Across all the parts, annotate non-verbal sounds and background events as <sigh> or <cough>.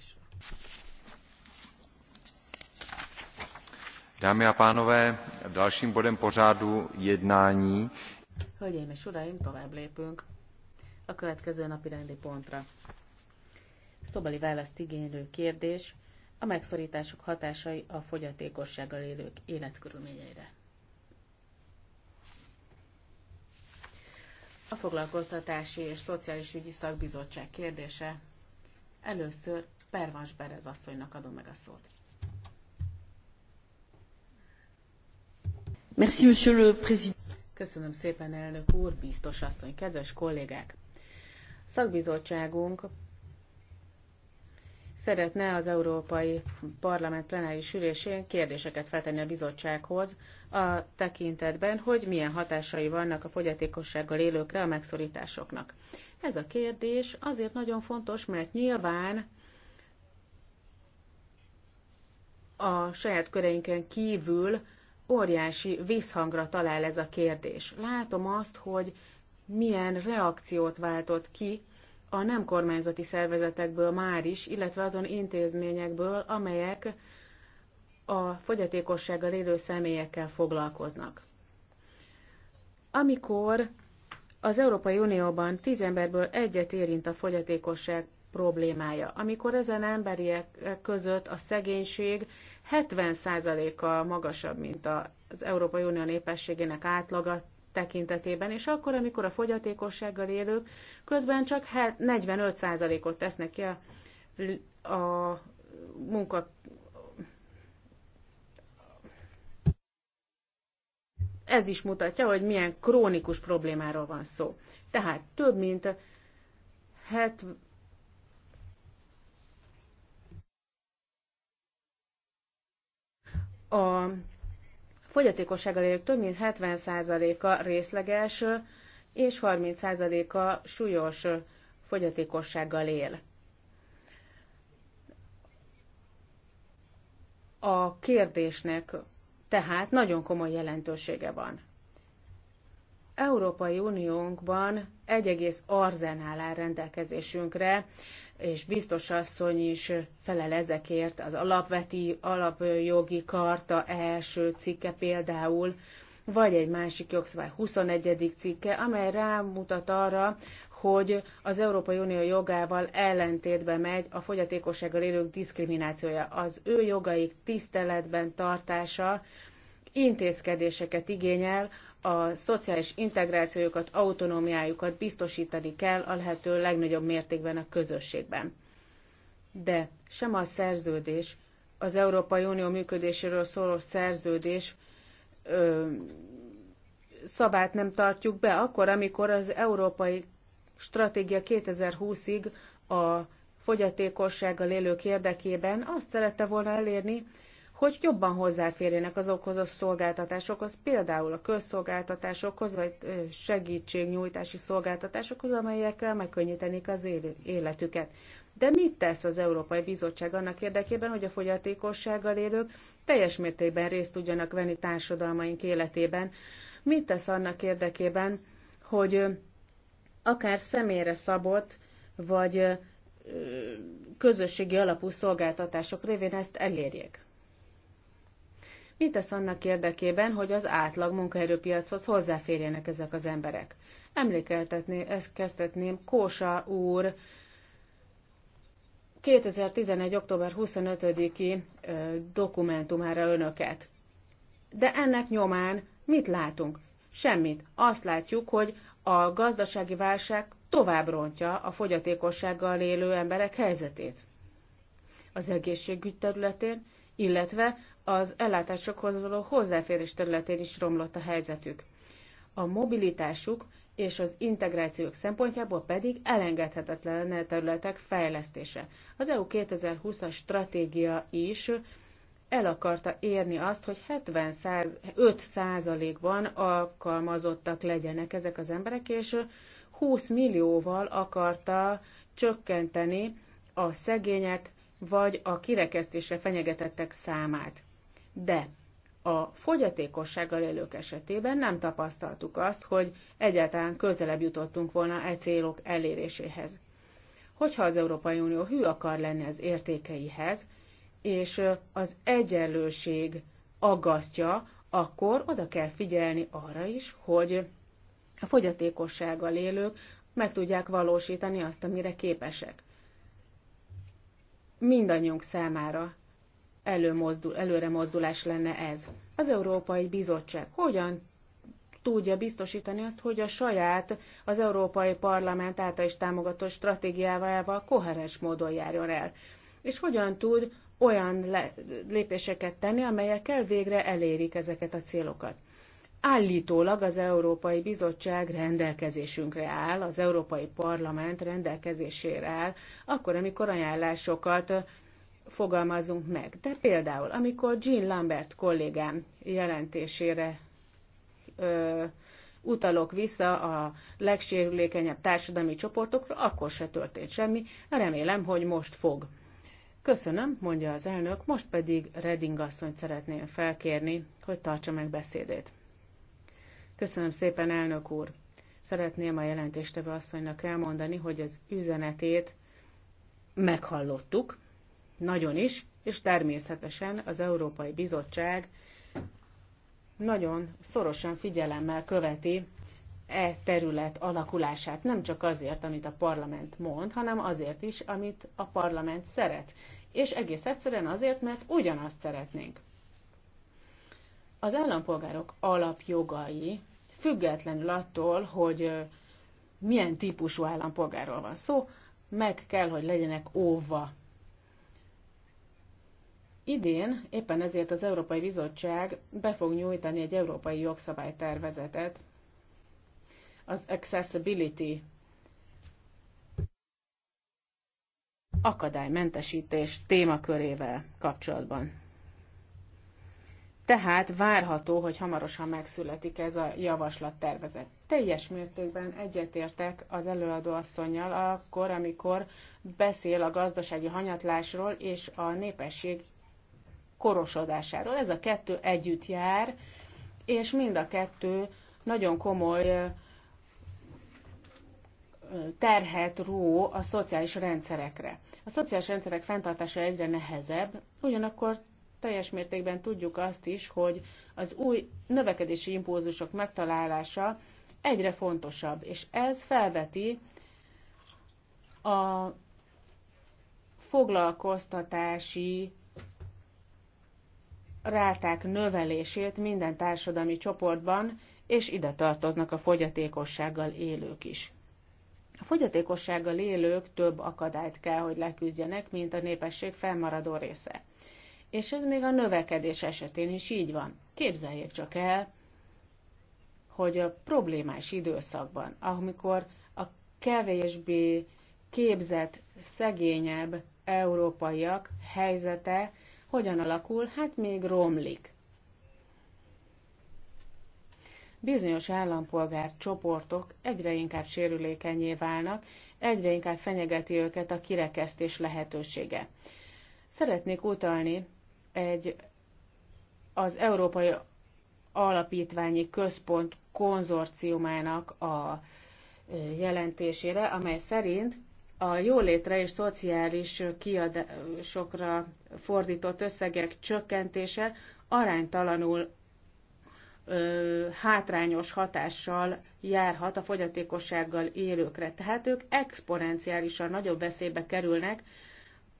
plenárisra. Dámy a pánové, dalším bodem pořádu jednání. Hölgyeim és uraim, tovább lépünk a következő napi rendi pontra. Szobeli választ igénylő kérdés a megszorítások hatásai a fogyatékossággal élők életkörülményeire. A Foglalkoztatási és Szociális Ügyi Szakbizottság kérdése Először Pervas Berez asszonynak adom meg a szót. Merci, monsieur le président. Köszönöm szépen, elnök úr, biztos asszony, kedves kollégák! Szakbizottságunk szeretne az Európai Parlament plenáris ülésén kérdéseket feltenni a bizottsághoz a tekintetben, hogy milyen hatásai vannak a fogyatékossággal élőkre a megszorításoknak. Ez a kérdés azért nagyon fontos, mert nyilván a saját köreinken kívül óriási visszhangra talál ez a kérdés. Látom azt, hogy milyen reakciót váltott ki a nem kormányzati szervezetekből már is, illetve azon intézményekből, amelyek a fogyatékossággal élő személyekkel foglalkoznak. Amikor az Európai Unióban tíz emberből egyet érint a fogyatékosság problémája. Amikor ezen emberiek között a szegénység 70%-a magasabb, mint az Európai Unió népességének átlaga tekintetében, és akkor, amikor a fogyatékossággal élők közben csak 45%-ot tesznek ki a, a munka ez is mutatja, hogy milyen krónikus problémáról van szó. Tehát több mint 70, a fogyatékossággal élők több mint 70%-a részleges, és 30%-a súlyos fogyatékossággal él. A kérdésnek tehát nagyon komoly jelentősége van. Európai Uniónkban egy egész arzenál áll rendelkezésünkre, és biztos asszony is felel ezekért, az alapveti alapjogi karta első cikke például, vagy egy másik jogszabály 21. cikke, amely rámutat arra, hogy az Európai Unió jogával ellentétbe megy a fogyatékossággal élők diszkriminációja. Az ő jogaik tiszteletben tartása intézkedéseket igényel, a szociális integrációjukat, autonómiájukat biztosítani kell a lehető legnagyobb mértékben a közösségben. De sem a szerződés, az Európai Unió működéséről szóló szerződés ö, szabát nem tartjuk be, akkor, amikor az európai stratégia 2020-ig a fogyatékossággal élők érdekében azt szerette volna elérni, hogy jobban hozzáférjenek azokhoz a szolgáltatásokhoz, például a közszolgáltatásokhoz, vagy segítségnyújtási szolgáltatásokhoz, amelyekkel megkönnyítenék az életüket. De mit tesz az Európai Bizottság annak érdekében, hogy a fogyatékossággal élők teljes mértékben részt tudjanak venni társadalmaink életében? Mit tesz annak érdekében, hogy akár személyre szabott, vagy közösségi alapú szolgáltatások révén ezt elérjék. Mit tesz annak érdekében, hogy az átlag munkaerőpiachoz hozzáférjenek ezek az emberek? Emlékeltetni, ezt kezdetném Kósa úr 2011. október 25-i dokumentumára önöket. De ennek nyomán mit látunk? Semmit. Azt látjuk, hogy a gazdasági válság tovább rontja a fogyatékossággal élő emberek helyzetét az egészségügy területén, illetve az ellátásokhoz való hozzáférés területén is romlott a helyzetük. A mobilitásuk és az integrációk szempontjából pedig elengedhetetlen területek fejlesztése. Az EU 2020-as stratégia is el akarta érni azt, hogy 75 ban százalékban alkalmazottak legyenek ezek az emberek, és 20 millióval akarta csökkenteni a szegények vagy a kirekesztésre fenyegetettek számát. De a fogyatékossággal élők esetében nem tapasztaltuk azt, hogy egyáltalán közelebb jutottunk volna e célok eléréséhez. Hogyha az Európai Unió hű akar lenni az értékeihez, és az egyenlőség aggasztja, akkor oda kell figyelni arra is, hogy a fogyatékossággal élők meg tudják valósítani azt, amire képesek. Mindannyiunk számára előmozdul, előre mozdulás lenne ez. Az Európai Bizottság hogyan tudja biztosítani azt, hogy a saját, az Európai Parlament által is támogatott stratégiával koherens módon járjon el? És hogyan tud olyan le- lépéseket tenni, amelyekkel végre elérik ezeket a célokat. Állítólag az Európai Bizottság rendelkezésünkre áll, az Európai Parlament rendelkezésére áll, akkor, amikor ajánlásokat fogalmazunk meg. De például, amikor Jean Lambert kollégám jelentésére ö, utalok vissza a legsérülékenyebb társadalmi csoportokra, akkor se történt semmi. Remélem, hogy most fog. Köszönöm, mondja az elnök, most pedig Redding asszonyt szeretném felkérni, hogy tartsa meg beszédét. Köszönöm szépen, elnök úr. Szeretném a jelentéstevő asszonynak elmondani, hogy az üzenetét meghallottuk, nagyon is, és természetesen az Európai Bizottság nagyon szorosan figyelemmel követi e terület alakulását, nem csak azért, amit a parlament mond, hanem azért is, amit a parlament szeret. És egész egyszerűen azért, mert ugyanazt szeretnénk. Az állampolgárok alapjogai függetlenül attól, hogy milyen típusú állampolgárról van szó, meg kell, hogy legyenek óva. Idén éppen ezért az Európai Bizottság be fog nyújtani egy európai jogszabálytervezetet az accessibility akadálymentesítés témakörével kapcsolatban. Tehát várható, hogy hamarosan megszületik ez a javaslattervezet. Teljes mértékben egyetértek az előadó asszonyjal akkor, amikor beszél a gazdasági hanyatlásról és a népesség korosodásáról. Ez a kettő együtt jár, és mind a kettő nagyon komoly terhet ró a szociális rendszerekre. A szociális rendszerek fenntartása egyre nehezebb, ugyanakkor teljes mértékben tudjuk azt is, hogy az új növekedési impulzusok megtalálása egyre fontosabb, és ez felveti a foglalkoztatási ráták növelését minden társadalmi csoportban, és ide tartoznak a fogyatékossággal élők is. A fogyatékossággal élők több akadályt kell, hogy leküzdjenek, mint a népesség felmaradó része. És ez még a növekedés esetén is így van. Képzeljék csak el, hogy a problémás időszakban, amikor a kevésbé képzett, szegényebb európaiak helyzete hogyan alakul, hát még romlik. bizonyos állampolgár csoportok egyre inkább sérülékenyé válnak, egyre inkább fenyegeti őket a kirekesztés lehetősége. Szeretnék utalni egy az Európai Alapítványi Központ konzorciumának a jelentésére, amely szerint a jólétre és szociális kiadásokra fordított összegek csökkentése aránytalanul hátrányos hatással járhat a fogyatékossággal élőkre. Tehát ők exponenciálisan nagyobb veszélybe kerülnek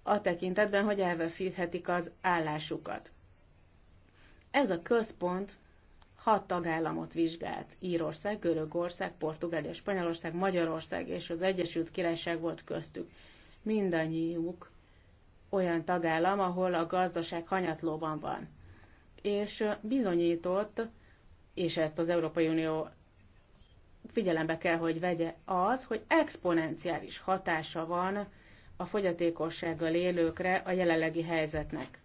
a tekintetben, hogy elveszíthetik az állásukat. Ez a központ hat tagállamot vizsgált. Írország, Görögország, Portugália, Spanyolország, Magyarország és az Egyesült Királyság volt köztük. Mindannyiuk olyan tagállam, ahol a gazdaság hanyatlóban van. És bizonyított, és ezt az Európai Unió figyelembe kell, hogy vegye az, hogy exponenciális hatása van a fogyatékossággal élőkre a jelenlegi helyzetnek.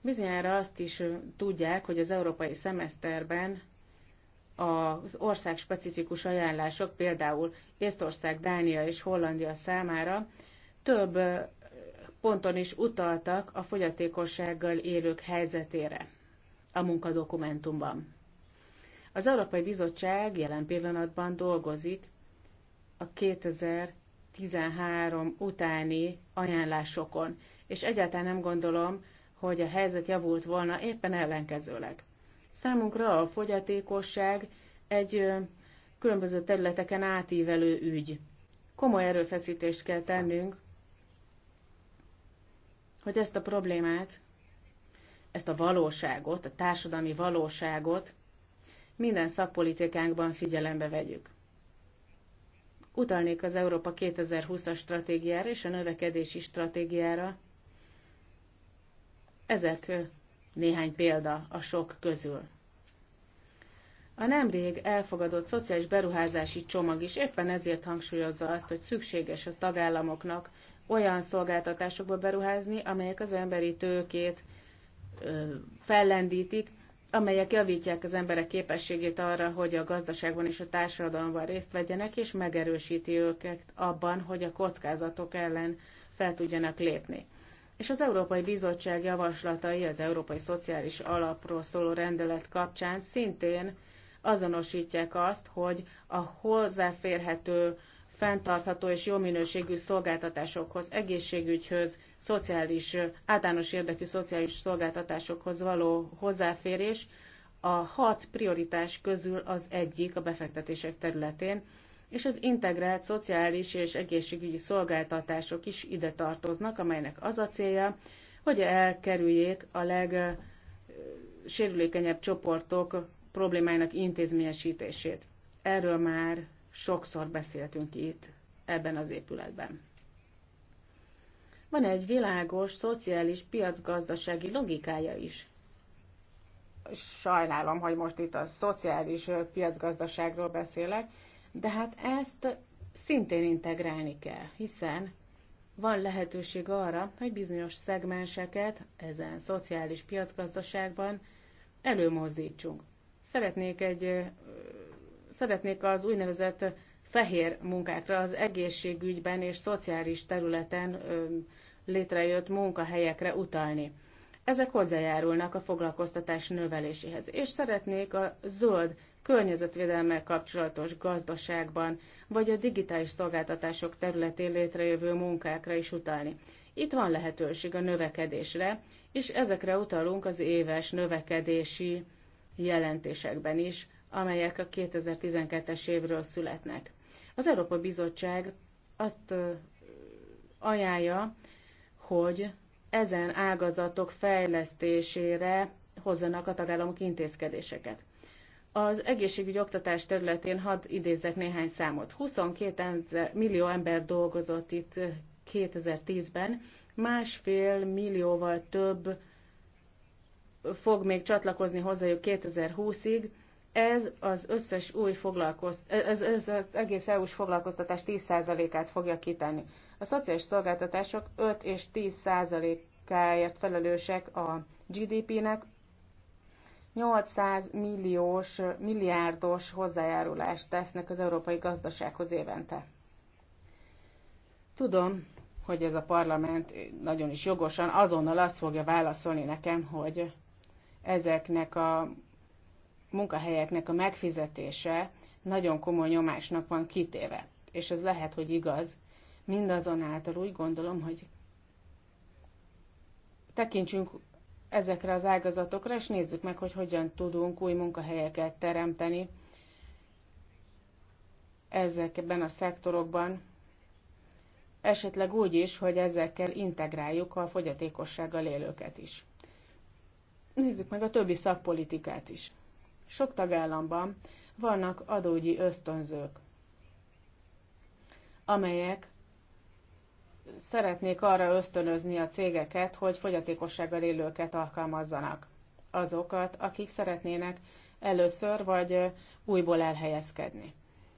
Bizonyára azt is tudják, hogy az európai szemeszterben az ország specifikus ajánlások, például Észtország, Dánia és Hollandia számára több ponton is utaltak a fogyatékossággal élők helyzetére a munkadokumentumban. Az Európai Bizottság jelen pillanatban dolgozik a 2013 utáni ajánlásokon, és egyáltalán nem gondolom, hogy a helyzet javult volna, éppen ellenkezőleg. Számunkra a fogyatékosság egy különböző területeken átívelő ügy. Komoly erőfeszítést kell tennünk, hogy ezt a problémát, ezt a valóságot, a társadalmi valóságot minden szakpolitikánkban figyelembe vegyük. Utalnék az Európa 2020-as stratégiára és a növekedési stratégiára. Ezek néhány példa a sok közül. A nemrég elfogadott szociális beruházási csomag is éppen ezért hangsúlyozza azt, hogy szükséges a tagállamoknak olyan szolgáltatásokba beruházni, amelyek az emberi tőkét fellendítik, amelyek javítják az emberek képességét arra, hogy a gazdaságban és a társadalomban részt vegyenek, és megerősíti őket abban, hogy a kockázatok ellen fel tudjanak lépni. És az Európai Bizottság javaslatai az Európai Szociális Alapról szóló rendelet kapcsán szintén azonosítják azt, hogy a hozzáférhető, fenntartható és jó minőségű szolgáltatásokhoz, egészségügyhöz, szociális, általános érdekű szociális szolgáltatásokhoz való hozzáférés a hat prioritás közül az egyik a befektetések területén, és az integrált szociális és egészségügyi szolgáltatások is ide tartoznak, amelynek az a célja, hogy elkerüljék a legsérülékenyebb csoportok problémáinak intézményesítését. Erről már sokszor beszéltünk itt ebben az épületben van egy világos, szociális, piacgazdasági logikája is. Sajnálom, hogy most itt a szociális piacgazdaságról beszélek, de hát ezt szintén integrálni kell, hiszen van lehetőség arra, hogy bizonyos szegmenseket ezen szociális piacgazdaságban előmozdítsunk. Szeretnék egy szeretnék az úgynevezett fehér munkákra az egészségügyben és szociális területen létrejött munkahelyekre utalni. Ezek hozzájárulnak a foglalkoztatás növeléséhez, és szeretnék a zöld környezetvédelmel kapcsolatos gazdaságban, vagy a digitális szolgáltatások területén létrejövő munkákra is utalni. Itt van lehetőség a növekedésre, és ezekre utalunk az éves növekedési jelentésekben is, amelyek a 2012-es évről születnek. Az Európa Bizottság azt ajánlja, hogy ezen ágazatok fejlesztésére hozzanak a tagállamok intézkedéseket. Az egészségügyi oktatás területén hadd idézzek néhány számot. 22 millió ember dolgozott itt 2010-ben, másfél millióval több fog még csatlakozni hozzájuk 2020-ig, ez az összes új foglalkoztatás, e, ez, ez az egész EU-s foglalkoztatás 10%-át fogja kitenni. A szociális szolgáltatások 5 és 10%-áért felelősek a GDP-nek, 800 milliós, milliárdos hozzájárulást tesznek az európai gazdasághoz évente. Tudom, hogy ez a parlament nagyon is jogosan azonnal azt fogja válaszolni nekem, hogy ezeknek a munkahelyeknek a megfizetése nagyon komoly nyomásnak van kitéve. És ez lehet, hogy igaz. Mindazonáltal úgy gondolom, hogy tekintsünk ezekre az ágazatokra, és nézzük meg, hogy hogyan tudunk új munkahelyeket teremteni ezekben a szektorokban, esetleg úgy is, hogy ezekkel integráljuk a fogyatékossággal élőket is. Nézzük meg a többi szakpolitikát is. Sok tagállamban vannak adógyi ösztönzők, amelyek szeretnék arra ösztönözni a cégeket, hogy fogyatékossággal élőket alkalmazzanak. Azokat, akik szeretnének először vagy újból elhelyezkedni.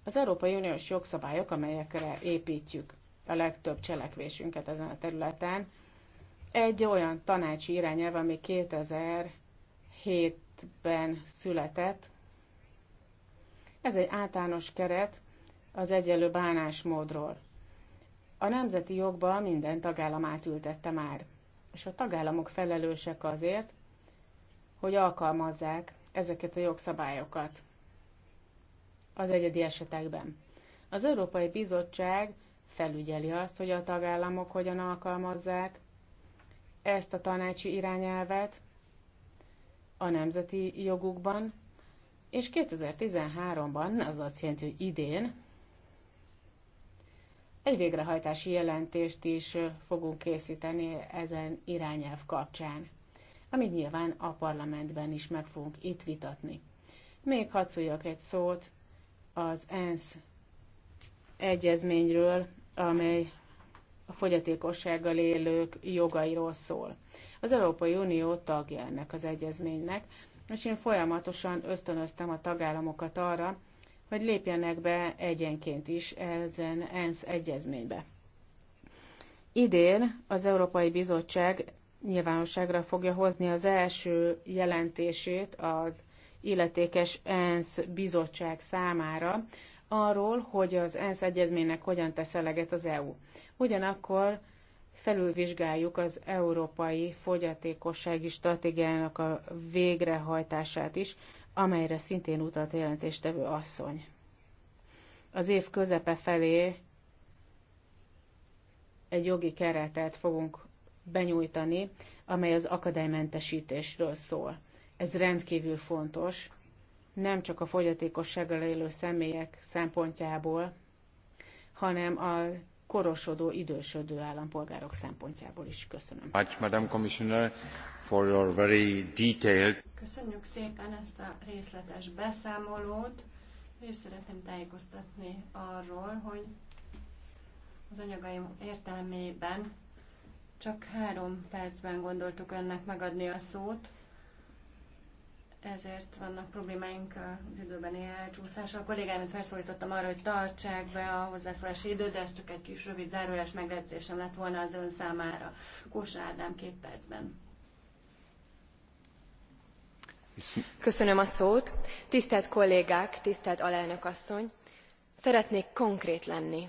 Az Európai Uniós jogszabályok, amelyekre építjük a legtöbb cselekvésünket ezen a területen, egy olyan tanácsi irányelv, ami 2007 keretben született. Ez egy általános keret az egyenlő bánásmódról. A nemzeti jogba minden tagállam átültette már, és a tagállamok felelősek azért, hogy alkalmazzák ezeket a jogszabályokat az egyedi esetekben. Az Európai Bizottság felügyeli azt, hogy a tagállamok hogyan alkalmazzák ezt a tanácsi irányelvet, a nemzeti jogukban, és 2013-ban, az azt jelenti, hogy idén, egy végrehajtási jelentést is fogunk készíteni ezen irányelv kapcsán, amit nyilván a parlamentben is meg fogunk itt vitatni. Még hadd egy szót az ENSZ egyezményről, amely a fogyatékossággal élők jogairól szól az Európai Unió tagja ennek az egyezménynek, és én folyamatosan ösztönöztem a tagállamokat arra, hogy lépjenek be egyenként is ezen ENSZ egyezménybe. Idén az Európai Bizottság nyilvánosságra fogja hozni az első jelentését az illetékes ENSZ bizottság számára arról, hogy az ENSZ egyezménynek hogyan tesz eleget az EU. Ugyanakkor felülvizsgáljuk az európai fogyatékossági stratégiának a végrehajtását is, amelyre szintén utalt jelentéstevő asszony. Az év közepe felé egy jogi keretet fogunk benyújtani, amely az akadálymentesítésről szól. Ez rendkívül fontos, nem csak a fogyatékossággal élő személyek szempontjából, hanem a korosodó, idősödő állampolgárok szempontjából is. Köszönöm. Köszönjük szépen ezt a részletes beszámolót, és szeretném tájékoztatni arról, hogy az anyagaim értelmében csak három percben gondoltuk önnek megadni a szót ezért vannak problémáink az időben elcsúszása. A kollégámat felszólítottam arra, hogy tartsák be a hozzászólási időt, de ez csak egy kis rövid zárulás megjegyzésem lett volna az ön számára. Kósa Ádám két percben. Köszönöm a szót. Tisztelt kollégák, tisztelt alelnök asszony! Szeretnék konkrét lenni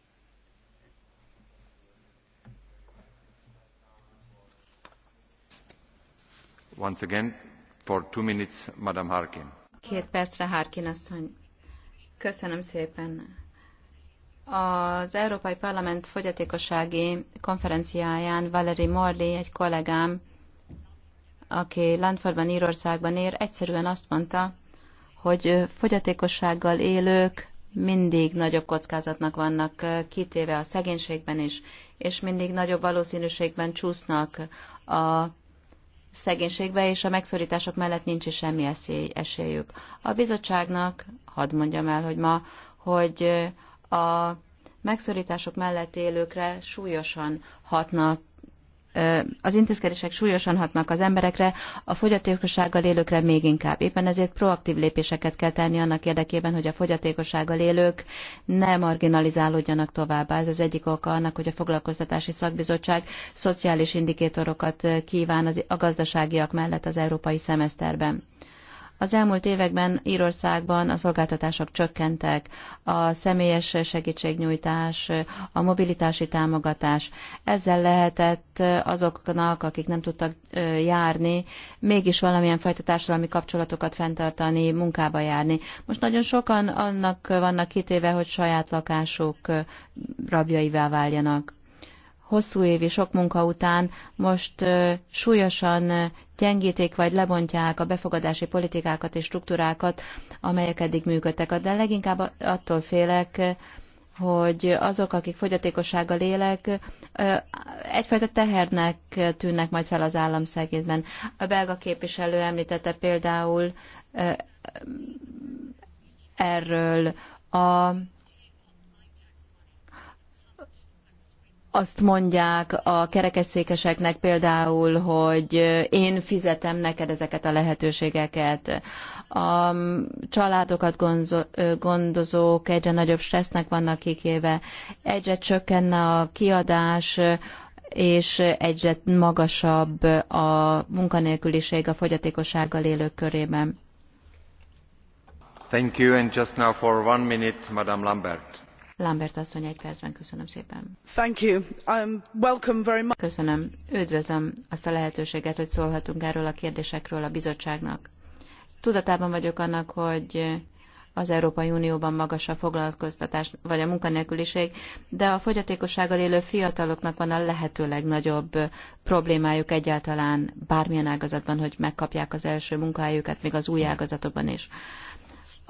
Once again, for two minutes, Madam Harkin. Két percre Harkin asszony. Köszönöm szépen. Az Európai Parlament fogyatékossági konferenciáján Valerie Morley, egy kollégám, aki Landfordban, Írországban ér, egyszerűen azt mondta, hogy fogyatékossággal élők mindig nagyobb kockázatnak vannak kitéve a szegénységben is, és mindig nagyobb valószínűségben csúsznak a szegénységbe, és a megszorítások mellett nincs is semmi esély, esélyük. A bizottságnak, hadd mondjam el, hogy ma, hogy a megszorítások mellett élőkre súlyosan hatnak az intézkedések súlyosan hatnak az emberekre, a fogyatékossággal élőkre még inkább. Éppen ezért proaktív lépéseket kell tenni annak érdekében, hogy a fogyatékossággal élők ne marginalizálódjanak továbbá. Ez az egyik oka annak, hogy a foglalkoztatási szakbizottság szociális indikátorokat kíván a gazdaságiak mellett az európai szemeszterben. Az elmúlt években Írországban a szolgáltatások csökkentek, a személyes segítségnyújtás, a mobilitási támogatás. Ezzel lehetett azoknak, akik nem tudtak járni, mégis valamilyen fajta társadalmi kapcsolatokat fenntartani, munkába járni. Most nagyon sokan annak vannak kitéve, hogy saját lakásuk rabjaivá váljanak hosszú évi sok munka után most súlyosan gyengítik vagy lebontják a befogadási politikákat és struktúrákat, amelyek eddig működtek. De leginkább attól félek, hogy azok, akik fogyatékossággal élek, egyfajta tehernek tűnnek majd fel az államszegédben. A belga képviselő említette például erről a azt mondják a kerekesszékeseknek például, hogy én fizetem neked ezeket a lehetőségeket. A családokat gondozók egyre nagyobb stressznek vannak kikéve, egyre csökkenne a kiadás, és egyre magasabb a munkanélküliség a fogyatékossággal élők körében. Thank you, and just now for one minute, Madame Lambert Lambert asszony egy percben, köszönöm szépen. Thank you. Um, welcome very much. Köszönöm. Üdvözlöm azt a lehetőséget, hogy szólhatunk erről a kérdésekről a bizottságnak. Tudatában vagyok annak, hogy az Európai Unióban magas a foglalkoztatás vagy a munkanélküliség, de a fogyatékossággal élő fiataloknak van a lehető legnagyobb problémájuk egyáltalán bármilyen ágazatban, hogy megkapják az első munkahelyüket, még az új ágazatokban is.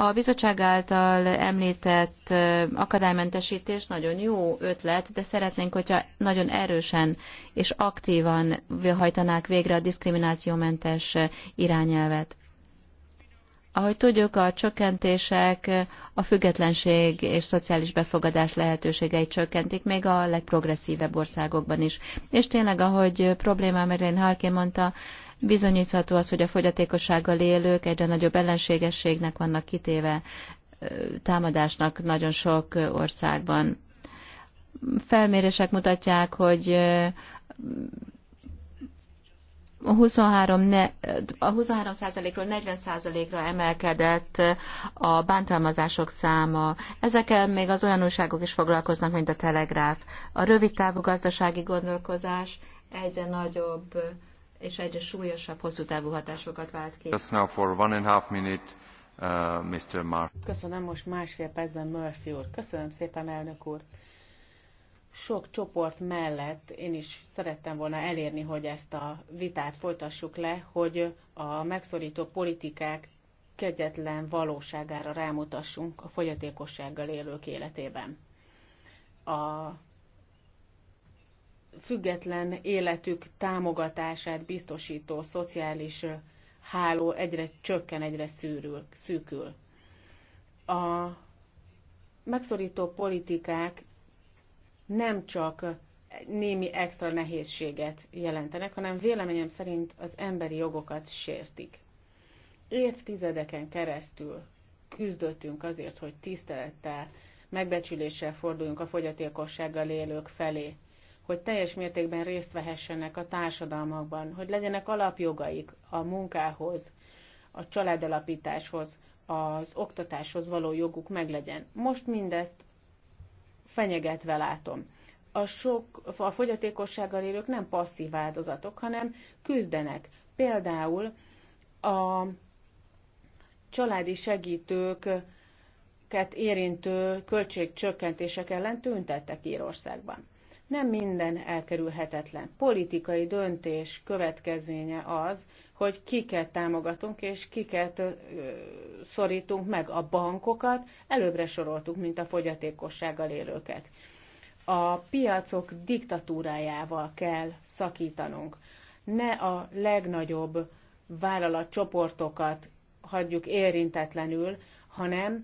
A bizottság által említett akadálymentesítés nagyon jó ötlet, de szeretnénk, hogyha nagyon erősen és aktívan hajtanák végre a diszkriminációmentes irányelvet. Ahogy tudjuk, a csökkentések a függetlenség és szociális befogadás lehetőségeit csökkentik, még a legprogresszívebb országokban is. És tényleg, ahogy problémám Erin Harkin mondta, Bizonyítható az, hogy a fogyatékossággal élők egyre nagyobb ellenségességnek vannak kitéve támadásnak nagyon sok országban. Felmérések mutatják, hogy a 23%-ról 40%-ra emelkedett a bántalmazások száma. Ezekkel még az olyan újságok is foglalkoznak, mint a Telegráf. A rövidtávú gazdasági gondolkozás egyre nagyobb és egyre súlyosabb hosszú távú hatásokat vált ki. Just now for one and a half minute, uh, Mr. Köszönöm most másfél percben Murphy úr. Köszönöm szépen, elnök úr. Sok csoport mellett én is szerettem volna elérni, hogy ezt a vitát folytassuk le, hogy a megszorító politikák kegyetlen valóságára rámutassunk a fogyatékossággal élők életében. A független életük támogatását biztosító szociális háló egyre csökken, egyre szűrül, szűkül. A megszorító politikák nem csak némi extra nehézséget jelentenek, hanem véleményem szerint az emberi jogokat sértik. Évtizedeken keresztül küzdöttünk azért, hogy tisztelettel, megbecsüléssel forduljunk a fogyatékossággal élők felé hogy teljes mértékben részt vehessenek a társadalmakban, hogy legyenek alapjogaik a munkához, a családalapításhoz, az oktatáshoz való joguk meglegyen. Most mindezt fenyegetve látom. A, sok, a fogyatékossággal élők nem passzív áldozatok, hanem küzdenek. Például a családi segítőket érintő költségcsökkentések ellen tüntettek Írországban. Nem minden elkerülhetetlen. Politikai döntés következménye az, hogy kiket támogatunk és kiket ö, szorítunk meg a bankokat, előbbre soroltuk, mint a fogyatékossággal élőket. A piacok diktatúrájával kell szakítanunk. Ne a legnagyobb vállalatcsoportokat hagyjuk érintetlenül, hanem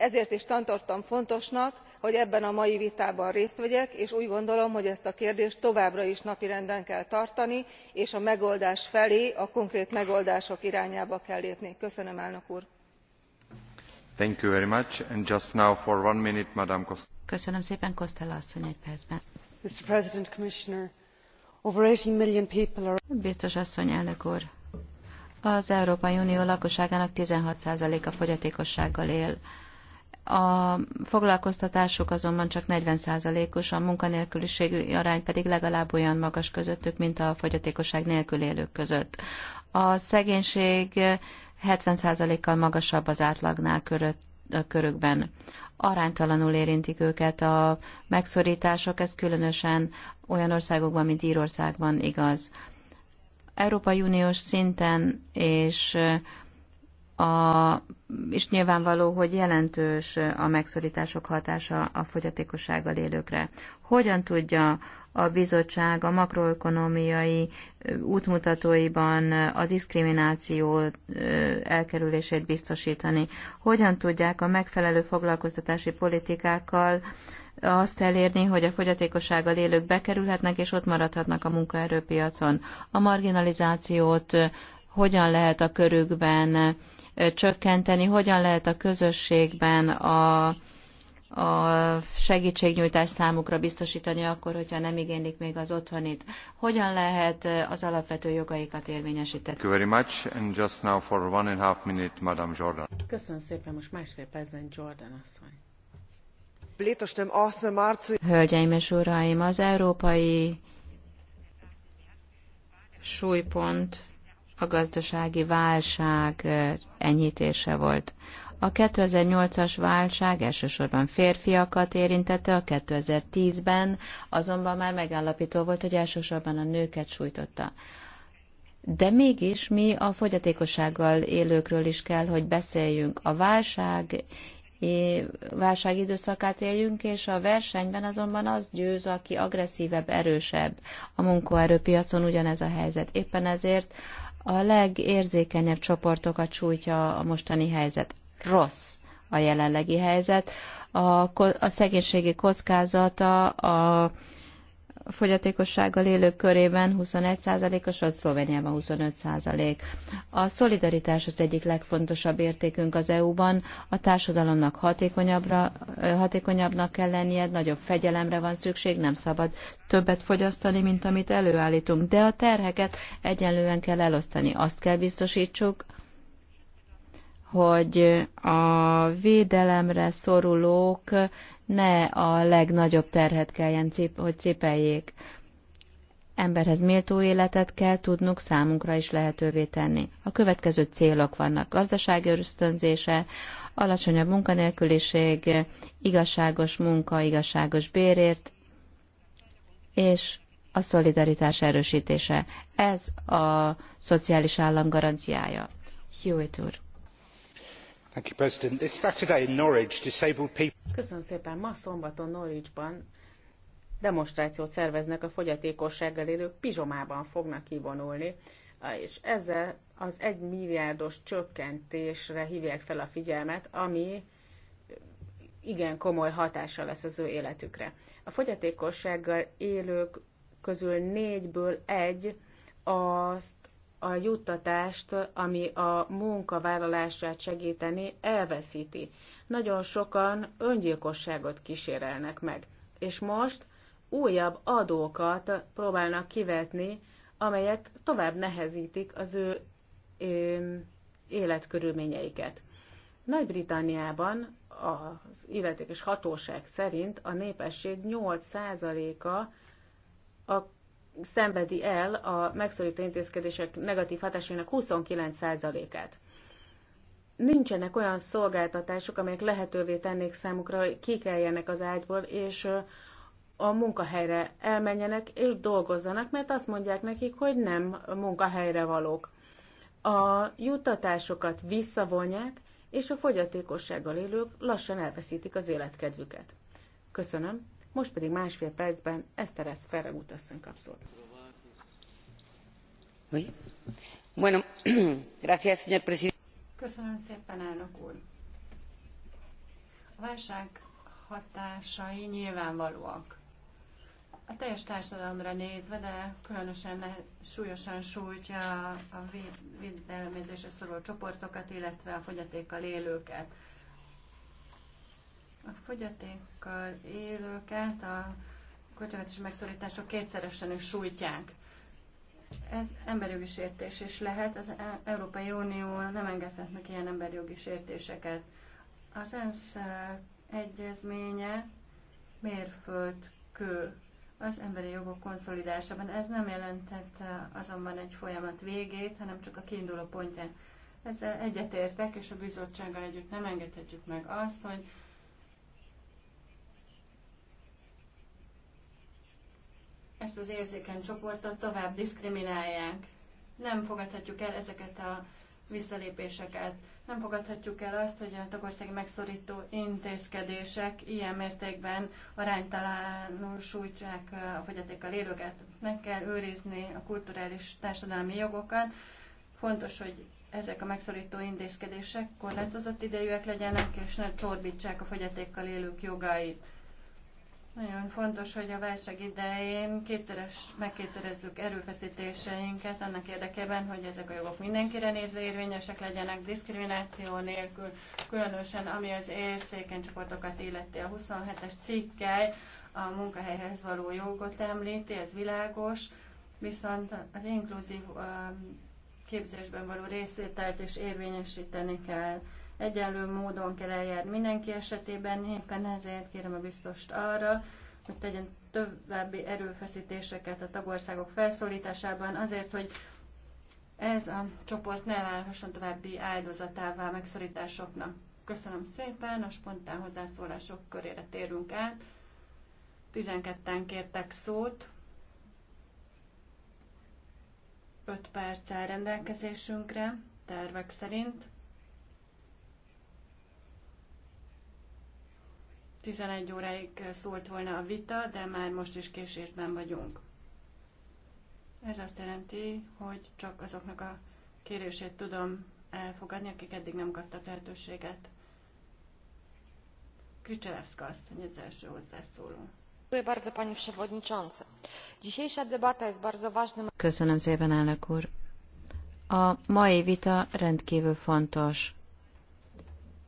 ezért is tartottam fontosnak hogy ebben a mai vitában részt vegyek és úgy gondolom hogy ezt a kérdést továbbra is napirenden kell tartani és a megoldás felé a konkrét megoldások irányába kell lépni. köszönöm elnök úr! over 80 million people are... Biztos asszony, elnök úr. Az Európai Unió lakosságának 16%-a fogyatékossággal él. A foglalkoztatásuk azonban csak 40%-os, a munkanélküliségű arány pedig legalább olyan magas közöttük, mint a fogyatékosság nélkül élők között. A szegénység 70%-kal magasabb az átlagnál körött, körükben. Aránytalanul érintik őket a megszorítások, ez különösen olyan országokban, mint Írországban igaz. Európai Uniós szinten és a, és nyilvánvaló, hogy jelentős a megszorítások hatása a fogyatékossággal élőkre. Hogyan tudja a bizottság a makroökonomiai útmutatóiban a diszkrimináció elkerülését biztosítani? Hogyan tudják a megfelelő foglalkoztatási politikákkal azt elérni, hogy a fogyatékossággal élők bekerülhetnek és ott maradhatnak a munkaerőpiacon? A marginalizációt hogyan lehet a körükben csökkenteni, hogyan lehet a közösségben a, a segítségnyújtás számukra biztosítani akkor, hogyha nem igénylik még az otthonit. Hogyan lehet az alapvető jogaikat érvényesíteni? Thank you very much, and just now for one and a half minute, Madame Jordan. Köszönöm szépen, most másfél percben Jordan asszony. Hölgyeim és uraim, az európai súlypont a gazdasági válság enyhítése volt. A 2008-as válság elsősorban férfiakat érintette, a 2010-ben azonban már megállapító volt, hogy elsősorban a nőket sújtotta. De mégis mi a fogyatékossággal élőkről is kell, hogy beszéljünk. A válság válság időszakát éljünk, és a versenyben azonban az győz, aki agresszívebb, erősebb. A munkaerőpiacon ugyanez a helyzet. Éppen ezért a legérzékenyebb csoportokat sújtja a mostani helyzet. Rossz a jelenlegi helyzet. A, a szegénységi kockázata, a fogyatékossággal élők körében 21%-os, az Szlovéniában 25%. A szolidaritás az egyik legfontosabb értékünk az EU-ban. A társadalomnak hatékonyabbra, hatékonyabbnak kell lennie, nagyobb fegyelemre van szükség, nem szabad többet fogyasztani, mint amit előállítunk. De a terheket egyenlően kell elosztani. Azt kell biztosítsuk, hogy a védelemre szorulók ne a legnagyobb terhet kelljen, hogy cipeljék. Emberhez méltó életet kell tudnunk számunkra is lehetővé tenni. A következő célok vannak gazdasági ösztönzése, alacsonyabb munkanélküliség, igazságos munka, igazságos bérért, és a szolidaritás erősítése. Ez a szociális állam garanciája. Hewitt úr. Köszönöm szépen. Ma szombaton Norwichban demonstrációt szerveznek a fogyatékossággal élők, pizsomában fognak kivonulni, és ezzel az egy milliárdos csökkentésre hívják fel a figyelmet, ami igen komoly hatása lesz az ő életükre. A fogyatékossággal élők közül négyből egy az a juttatást, ami a munkavállalását segíteni, elveszíti. Nagyon sokan öngyilkosságot kísérelnek meg. És most újabb adókat próbálnak kivetni, amelyek tovább nehezítik az ő életkörülményeiket. Nagy-Britanniában az illetékes hatóság szerint a népesség 8%-a a szenvedi el a megszorító intézkedések negatív hatásainak 29%-át. Nincsenek olyan szolgáltatások, amelyek lehetővé tennék számukra, hogy kikeljenek az ágyból, és a munkahelyre elmenjenek és dolgozzanak, mert azt mondják nekik, hogy nem munkahelyre valók. A juttatásokat visszavonják, és a fogyatékossággal élők lassan elveszítik az életkedvüket. Köszönöm. Most pedig másfél percben Eszteresz Ferragut asszony kap szót. Bueno, <clears throat> gracias, señor presidente. Köszönöm szépen, elnök úr. A válság hatásai nyilvánvalóak. A teljes társadalomra nézve, de különösen súlyosan sújtja a védelmezésre szoruló csoportokat, illetve a fogyatékkal élőket. A fogyatékkal élőket a kocsánatos megszorítások kétszeresen is sújtják. Ez emberjogi sértés is lehet, az e- Európai Unió nem engedhet meg ilyen emberjogi sértéseket. Az ENSZ eh, egyezménye mérföldkő az emberi jogok konszolidásában. Ez nem jelentett eh, azonban egy folyamat végét, hanem csak a kiinduló pontján. Ezzel egyetértek, és a bizottsággal együtt nem engedhetjük meg azt, hogy ezt az érzékeny csoportot tovább diszkriminálják. Nem fogadhatjuk el ezeket a visszalépéseket. Nem fogadhatjuk el azt, hogy a tagországi megszorító intézkedések ilyen mértékben aránytalanul sújtsák a fogyatékkal élőket. Meg kell őrizni a kulturális társadalmi jogokat. Fontos, hogy ezek a megszorító intézkedések korlátozott idejűek legyenek, és ne csorbítsák a fogyatékkal élők jogait. Nagyon fontos, hogy a válság idején kétszeres, megkéterezzük erőfeszítéseinket annak érdekében, hogy ezek a jogok mindenkire nézve érvényesek legyenek, diszkrimináció nélkül, különösen ami az érzékeny csoportokat illeti. A 27-es cikkely a munkahelyhez való jogot említi, ez világos, viszont az inkluzív képzésben való részételt is érvényesíteni kell. Egyenlő módon kell eljárni mindenki esetében, éppen ezért kérem a biztost arra, hogy tegyen további erőfeszítéseket a tagországok felszólításában azért, hogy ez a csoport ne válhasson további áldozatává megszorításoknak. Köszönöm szépen, a spontán hozzászólások körére térünk át. 12-en kértek szót. 5 perc áll rendelkezésünkre, tervek szerint. 11 óráig szólt volna a vita, de már most is késésben vagyunk. Ez azt jelenti, hogy csak azoknak a kérését tudom elfogadni, akik eddig nem kaptak lehetőséget. azt mondja, az első hozzászóló. Köszönöm szépen, elnök úr. A mai vita rendkívül fontos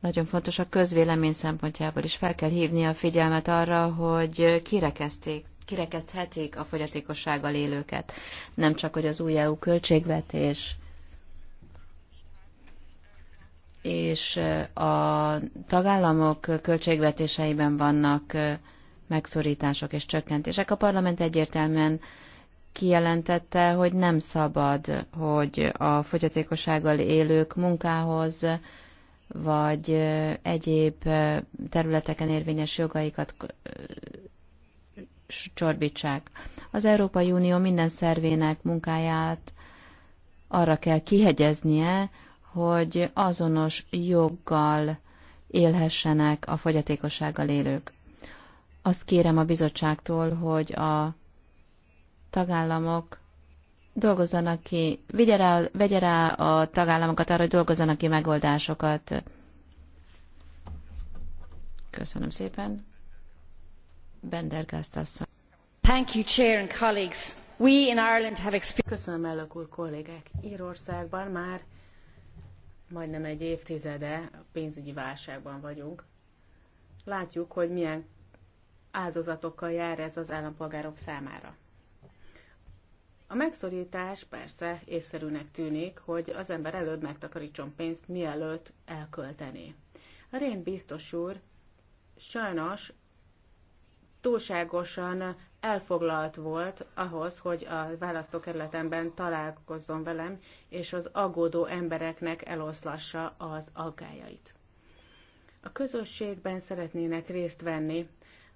nagyon fontos a közvélemény szempontjából is. Fel kell hívni a figyelmet arra, hogy kirekezték kirekeszthetik a fogyatékossággal élőket. Nem csak, hogy az új EU költségvetés és a tagállamok költségvetéseiben vannak megszorítások és csökkentések. A parlament egyértelműen kijelentette, hogy nem szabad, hogy a fogyatékossággal élők munkához, vagy egyéb területeken érvényes jogaikat csorbítsák. Az Európai Unió minden szervének munkáját arra kell kihegyeznie, hogy azonos joggal élhessenek a fogyatékossággal élők. Azt kérem a bizottságtól, hogy a tagállamok dolgozzanak ki, vigye rá, vegye rá a tagállamokat arra, hogy dolgozzanak ki megoldásokat. Köszönöm szépen. Bendergázt asszony. Thank you, Chair and colleagues. We in Ireland have experienced... Köszönöm, elnök úr, kollégák. Írországban már majdnem egy évtizede pénzügyi válságban vagyunk. Látjuk, hogy milyen áldozatokkal jár ez az állampolgárok számára a megszorítás persze észszerűnek tűnik, hogy az ember előbb megtakarítson pénzt, mielőtt elköltené. A Rén biztos úr sajnos túlságosan elfoglalt volt ahhoz, hogy a választókerületemben találkozzon velem, és az aggódó embereknek eloszlassa az aggájait. A közösségben szeretnének részt venni,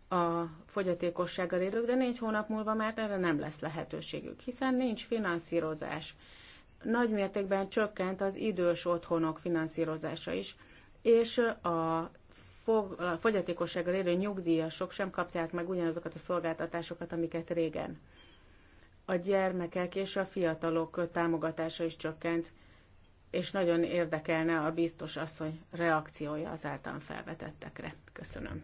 a fogyatékossággal élők, de négy hónap múlva már erre nem lesz lehetőségük, hiszen nincs finanszírozás. Nagy mértékben csökkent az idős otthonok finanszírozása is, és a fogyatékossággal élő nyugdíjasok sem kapják meg ugyanazokat a szolgáltatásokat, amiket régen. A gyermekek és a fiatalok támogatása is csökkent, és nagyon érdekelne a biztos asszony reakciója az általán felvetettekre. Köszönöm.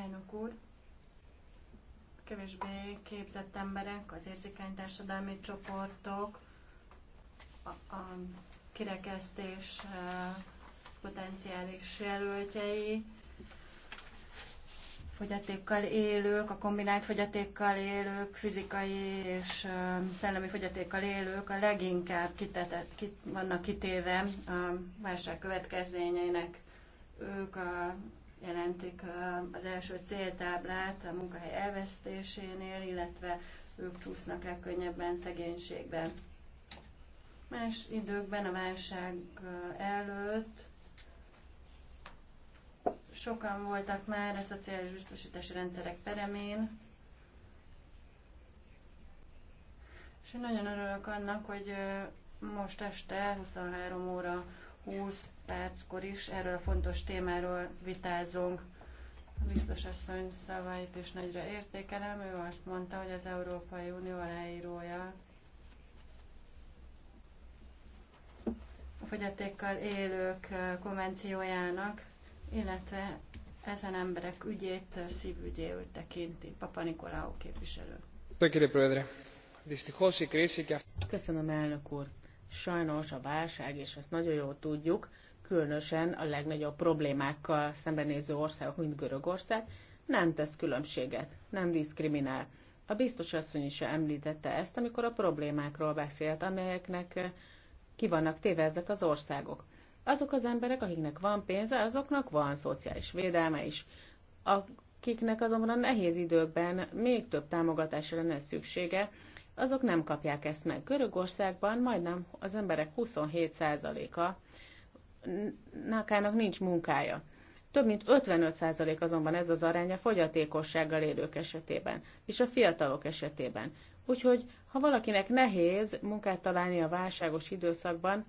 Elnök úr, kevésbé képzett emberek, az érzékeny társadalmi csoportok, a, a kirekesztés potenciális jelöltjei, fogyatékkal élők, a kombinált fogyatékkal élők, fizikai és szellemi fogyatékkal élők a leginkább kitetett, kit, vannak kitéve a válság következményeinek. Ők a jelentik az első céltáblát a munkahely elvesztésénél, illetve ők csúsznak legkönnyebben szegénységben. Más időkben, a válság előtt sokan voltak már a szociális biztosítási rendszerek peremén, és én nagyon örülök annak, hogy most este 23 óra 20 perckor is erről a fontos témáról vitázunk. A biztos asszony szavait is nagyra értékelem. Ő azt mondta, hogy az Európai Unió aláírója a fogyatékkal élők eh, konvenciójának, illetve ezen emberek ügyét eh, szívügyéül tekinti. Papa Nikolaó képviselő. Köszönöm, elnök úr sajnos a válság, és ezt nagyon jól tudjuk, különösen a legnagyobb problémákkal szembenéző országok, mint Görögország, nem tesz különbséget, nem diszkriminál. A biztos asszony is említette ezt, amikor a problémákról beszélt, amelyeknek eh, ki vannak téve ezek az országok. Azok az emberek, akiknek van pénze, azoknak van szociális védelme is. Akiknek azonban a nehéz időkben még több támogatásra lenne szüksége, azok nem kapják ezt meg. Görögországban majdnem az emberek 27%-a nakának nincs munkája. Több mint 55% azonban ez az aránya fogyatékossággal élők esetében, és a fiatalok esetében. Úgyhogy, ha valakinek nehéz munkát találni a válságos időszakban,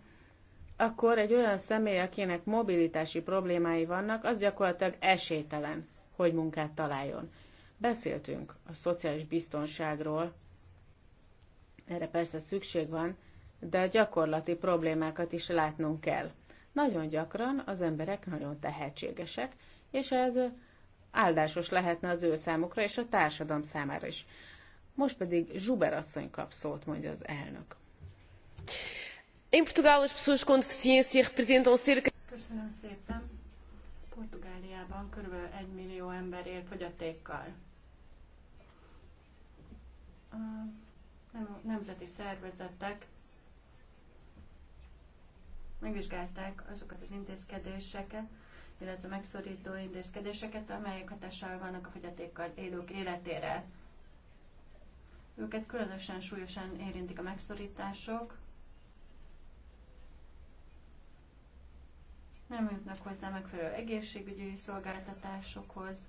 akkor egy olyan személy, akinek mobilitási problémái vannak, az gyakorlatilag esélytelen, hogy munkát találjon. Beszéltünk a szociális biztonságról, erre persze szükség van, de a gyakorlati problémákat is látnunk kell. Nagyon gyakran az emberek nagyon tehetségesek, és ez áldásos lehetne az ő számukra és a társadalom számára is. Most pedig Zsuber asszony kap szót, mondja az elnök. Em Portugal as pessoas com deficiência representam cerca... Köszönöm szépen. Portugáliában kb. 1 millió ember él fogyatékkal. A nem, nemzeti szervezetek megvizsgálták azokat az intézkedéseket, illetve megszorító intézkedéseket, amelyek hatással vannak a fogyatékkal élők életére. Őket különösen súlyosan érintik a megszorítások, nem jutnak hozzá megfelelő egészségügyi szolgáltatásokhoz,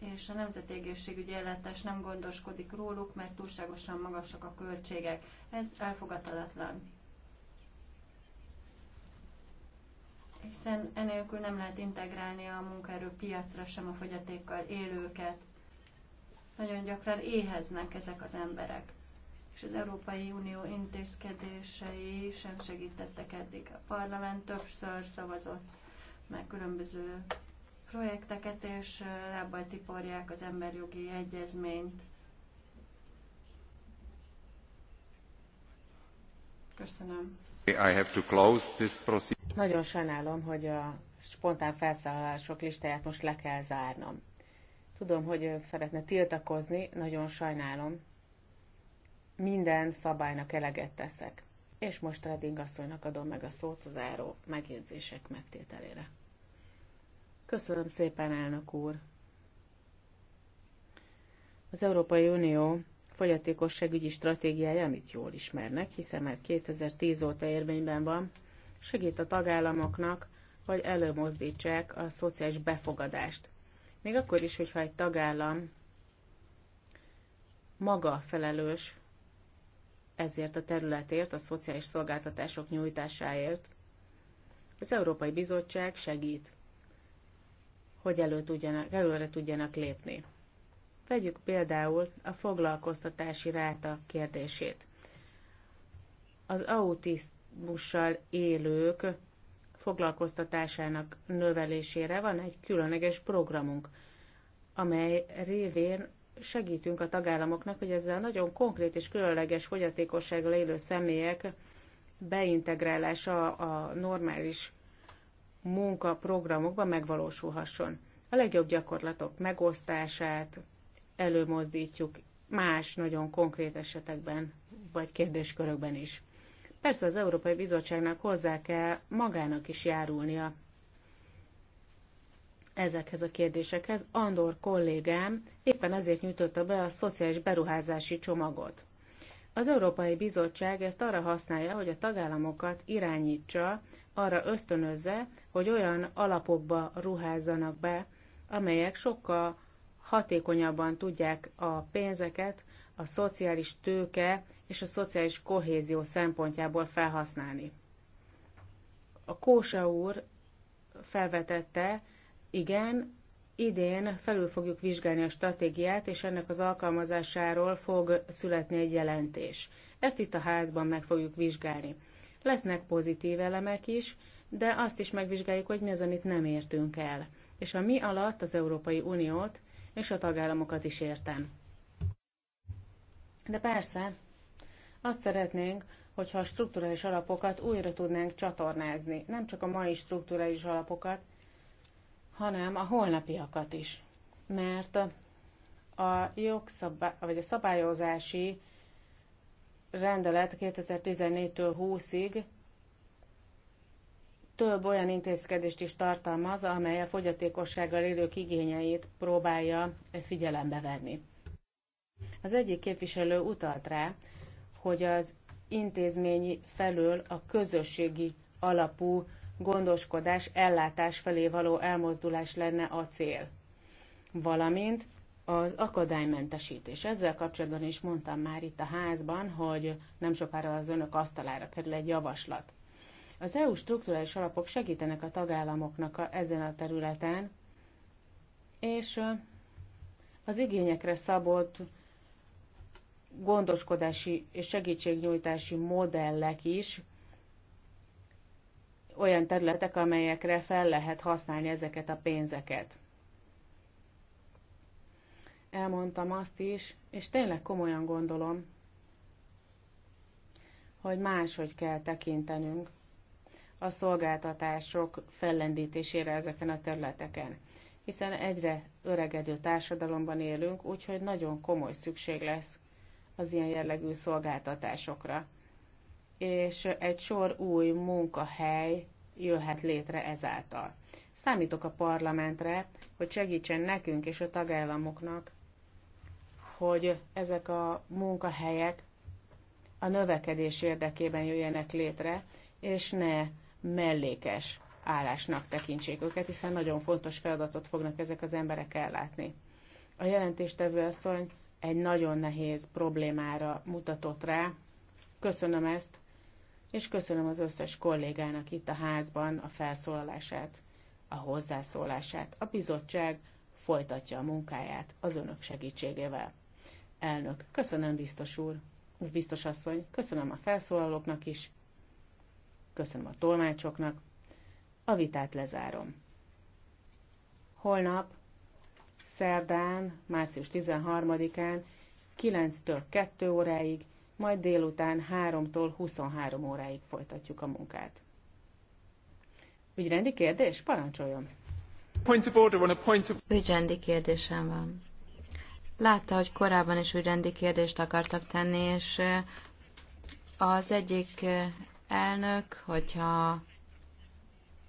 és a nemzeti egészségügyi ellátás nem gondoskodik róluk, mert túlságosan magasak a költségek. Ez elfogadhatatlan. Hiszen enélkül nem lehet integrálni a munkaerőpiacra sem a fogyatékkal élőket. Nagyon gyakran éheznek ezek az emberek és az Európai Unió intézkedései sem segítettek eddig. A parlament többször szavazott meg különböző projekteket, és lábbal tiporják az emberjogi egyezményt. Köszönöm. I have to close this Nagyon sajnálom, hogy a spontán felszállások listáját most le kell zárnom. Tudom, hogy ön szeretne tiltakozni, nagyon sajnálom. Minden szabálynak eleget teszek. És most Redding asszonynak adom meg a szót az záró megjegyzések megtételére. Köszönöm szépen, elnök úr! Az Európai Unió fogyatékosságügyi stratégiája, amit jól ismernek, hiszen már 2010 óta érvényben van, segít a tagállamoknak, hogy előmozdítsák a szociális befogadást. Még akkor is, hogyha egy tagállam maga felelős ezért a területért, a szociális szolgáltatások nyújtásáért, az Európai Bizottság segít hogy elő tudjanak, előre tudjanak lépni. Vegyük például a foglalkoztatási ráta kérdését. Az autizmussal élők foglalkoztatásának növelésére van egy különleges programunk, amely révén segítünk a tagállamoknak, hogy ezzel nagyon konkrét és különleges fogyatékossággal élő személyek beintegrálása a normális munkaprogramokban megvalósulhasson. A legjobb gyakorlatok megosztását előmozdítjuk más nagyon konkrét esetekben, vagy kérdéskörökben is. Persze az Európai Bizottságnak hozzá kell magának is járulnia ezekhez a kérdésekhez. Andor kollégám éppen ezért nyújtotta be a szociális beruházási csomagot. Az Európai Bizottság ezt arra használja, hogy a tagállamokat irányítsa arra ösztönözze, hogy olyan alapokba ruházzanak be, amelyek sokkal hatékonyabban tudják a pénzeket a szociális tőke és a szociális kohézió szempontjából felhasználni. A Kósa úr felvetette, igen, idén felül fogjuk vizsgálni a stratégiát, és ennek az alkalmazásáról fog születni egy jelentés. Ezt itt a házban meg fogjuk vizsgálni. Lesznek pozitív elemek is, de azt is megvizsgáljuk, hogy mi az, amit nem értünk el. És a mi alatt az Európai Uniót és a tagállamokat is értem. De persze, azt szeretnénk, hogyha a struktúrális alapokat újra tudnánk csatornázni, nem csak a mai struktúrális alapokat, hanem a holnapiakat is. Mert a jogszabály, vagy a szabályozási rendelet 2014-től 20-ig több olyan intézkedést is tartalmaz, amely a fogyatékossággal élők igényeit próbálja figyelembe venni. Az egyik képviselő utalt rá, hogy az intézményi felől a közösségi alapú gondoskodás, ellátás felé való elmozdulás lenne a cél. Valamint az akadálymentesítés. Ezzel kapcsolatban is mondtam már itt a házban, hogy nem sokára az önök asztalára kerül egy javaslat. Az EU struktúrális alapok segítenek a tagállamoknak a, ezen a területen, és az igényekre szabott gondoskodási és segítségnyújtási modellek is olyan területek, amelyekre fel lehet használni ezeket a pénzeket elmondtam azt is, és tényleg komolyan gondolom, hogy máshogy kell tekintenünk a szolgáltatások fellendítésére ezeken a területeken. Hiszen egyre öregedő társadalomban élünk, úgyhogy nagyon komoly szükség lesz az ilyen jellegű szolgáltatásokra. És egy sor új munkahely jöhet létre ezáltal. Számítok a parlamentre, hogy segítsen nekünk és a tagállamoknak hogy ezek a munkahelyek a növekedés érdekében jöjjenek létre, és ne mellékes állásnak tekintsék őket, hiszen nagyon fontos feladatot fognak ezek az emberek ellátni. A jelentéstevő asszony egy nagyon nehéz problémára mutatott rá. Köszönöm ezt, és köszönöm az összes kollégának itt a házban a felszólalását, a hozzászólását. A bizottság folytatja a munkáját az önök segítségével. Elnök, köszönöm biztos úr, biztos asszony, köszönöm a felszólalóknak is, köszönöm a tolmácsoknak. A vitát lezárom. Holnap, szerdán, március 13-án 9-től 2 óráig, majd délután 3-tól 23 óráig folytatjuk a munkát. Ügyrendi kérdés? Parancsoljon! Point of order on a point of... Ügyrendi kérdésem van. Látta, hogy korábban is ügyrendi kérdést akartak tenni, és az egyik elnök, hogyha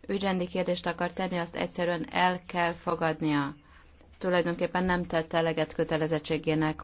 ügyrendi kérdést akar tenni, azt egyszerűen el kell fogadnia. Tulajdonképpen nem tette eleget kötelezettségének,